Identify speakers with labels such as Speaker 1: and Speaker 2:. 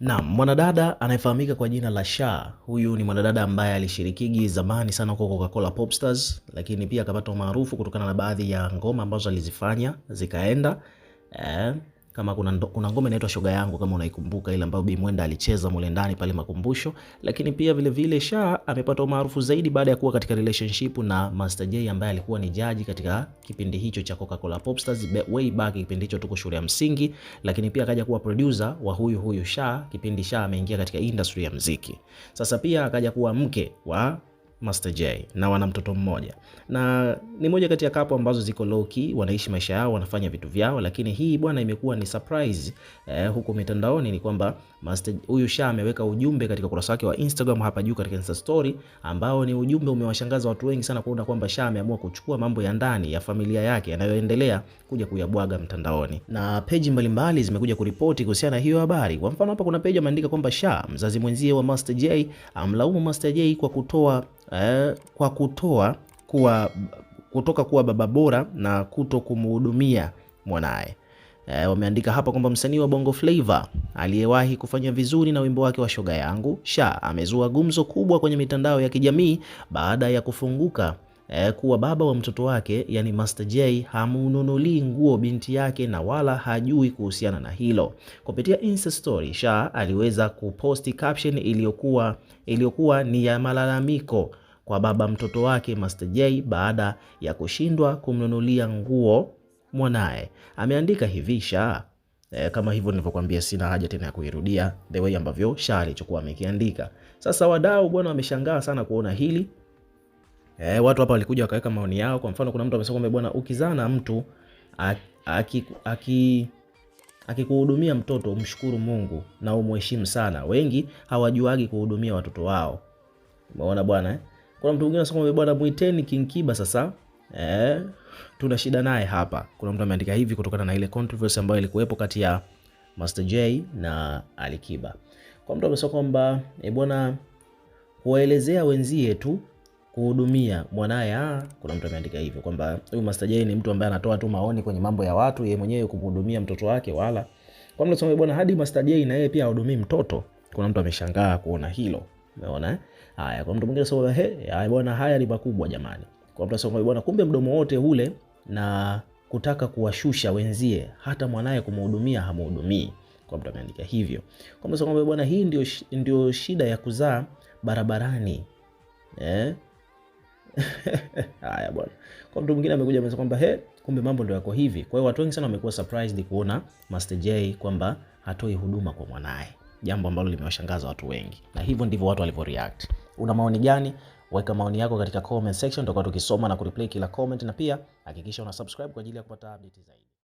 Speaker 1: Naam, mwanadada anayefahamika kwa jina la Sha, huyu ni mwanadada ambaye alishirikigi zamani sana kwa Coca-Cola Popstars, lakini pia akapata umaarufu kutokana na baadhi ya ngoma ambazo alizifanya zikaenda eh kama kuna, kuna ngoma inaitwa shoga yangu kama unaikumbuka ile ambayo Bi Mwenda alicheza mule ndani pale makumbusho. Lakini pia vilevile vile Sha amepata umaarufu zaidi baada ya kuwa katika relationship na Master J ambaye alikuwa ni jaji katika kipindi hicho cha Coca-Cola Popstars way back, kipindi hicho tuko shule ya msingi, lakini pia akaja kuwa producer wa huyu huyu Sha kipindi Sha ameingia katika industry ya muziki. Sasa pia akaja kuwa mke wa Master J na wana mtoto mmoja, na ni moja kati ya kapo ambazo ziko low key, wanaishi maisha yao, wanafanya vitu vyao, lakini hii bwana imekuwa ni surprise eh, huko mitandaoni ni kwamba Master huyu Sha ameweka ujumbe katika ukurasa wake wa Instagram hapa juu katika Insta story, ambao ni ujumbe umewashangaza watu wengi sana kuona kwamba Sha ameamua kuchukua mambo ya ndani ya familia yake yanayoendelea kuja kuyabwaga mtandaoni, na peji mbalimbali zimekuja kuripoti kuhusiana na hiyo habari. Kwa mfano hapa kuna peji ameandika kwamba Sha mzazi mwenzie wa Master J amlaumu Master J kwa kutoa eh, kwa kutoa kuwa kutoka kuwa baba bora na kuto kumhudumia mwanaye. E, wameandika hapa kwamba msanii wa Bongo Flava aliyewahi kufanya vizuri na wimbo wake wa shoga yangu Sha amezua gumzo kubwa kwenye mitandao ya kijamii baada ya kufunguka e, kuwa baba wa mtoto wake yani Master J hamununulii nguo binti yake na wala hajui kuhusiana na hilo. Kupitia Insta story, Sha aliweza kuposti caption iliyokuwa iliyokuwa ni ya malalamiko kwa baba mtoto wake Master J baada ya kushindwa kumnunulia nguo mwanaye. Ameandika hivi Sha e, kama hivyo nilivyokuambia, sina haja tena ya kuirudia the way ambavyo Sha alichokuwa amekiandika. Sasa wadau bwana, wameshangaa sana kuona hili e, watu hapa walikuja wakaweka maoni yao. Kwa mfano, kuna mtu amesema kwamba bwana, ukizaa na mtu akikuhudumia mtoto umshukuru Mungu na umheshimu sana. Wengi hawajuagi kuhudumia watoto wao, umeona bwana eh? Kuna mtu mwingine anasema bwana, mwiteni King Kiba sasa eh, tuna shida naye hapa. Kuna mtu ameandika hivi kutokana na ile controversy ambayo ilikuwepo kati ya Master J na Alikiba. Kwa mtu amesema kwamba e bwana kuwaelezea wenzie tu kuhudumia mwanaye. Ah, kuna mtu ameandika hivyo kwamba huyu Master J ni mtu ambaye anatoa tu maoni kwenye mambo ya watu, yeye mwenyewe kumhudumia mtoto wake wala. Kwa mtu anasema bwana, hadi Master J na yeye pia ahudumii mtoto. Kuna mtu ameshangaa kuona hilo. Umeona eh? Haya, kwa mtu mwingine sema he, haya bwana, haya ni makubwa jamani. Kwa mtu sema bwana, kumbe mdomo wote ule na kutaka kuwashusha wenzie, hata mwanaye kumhudumia hamhudumii. Kwa mtu ameandika hivyo. Kwa mtu sema bwana, hii ndio ndio shida ya kuzaa barabarani eh? Haya bwana. Kwa mtu mwingine amekuja amesema kwamba he, kumbe mambo ndio yako hivi. Kwa hiyo watu wengi sana wamekuwa surprised kuona Master J kwamba hatoi huduma kwa mwanaye jambo ambalo limewashangaza watu wengi, na hivyo ndivyo watu react. Una maoni gani? Weka maoni yako katika comment section, tutakuwa tukisoma na kureply kila comment, na pia hakikisha una subscribe kwa ajili ya kupata update zaidi.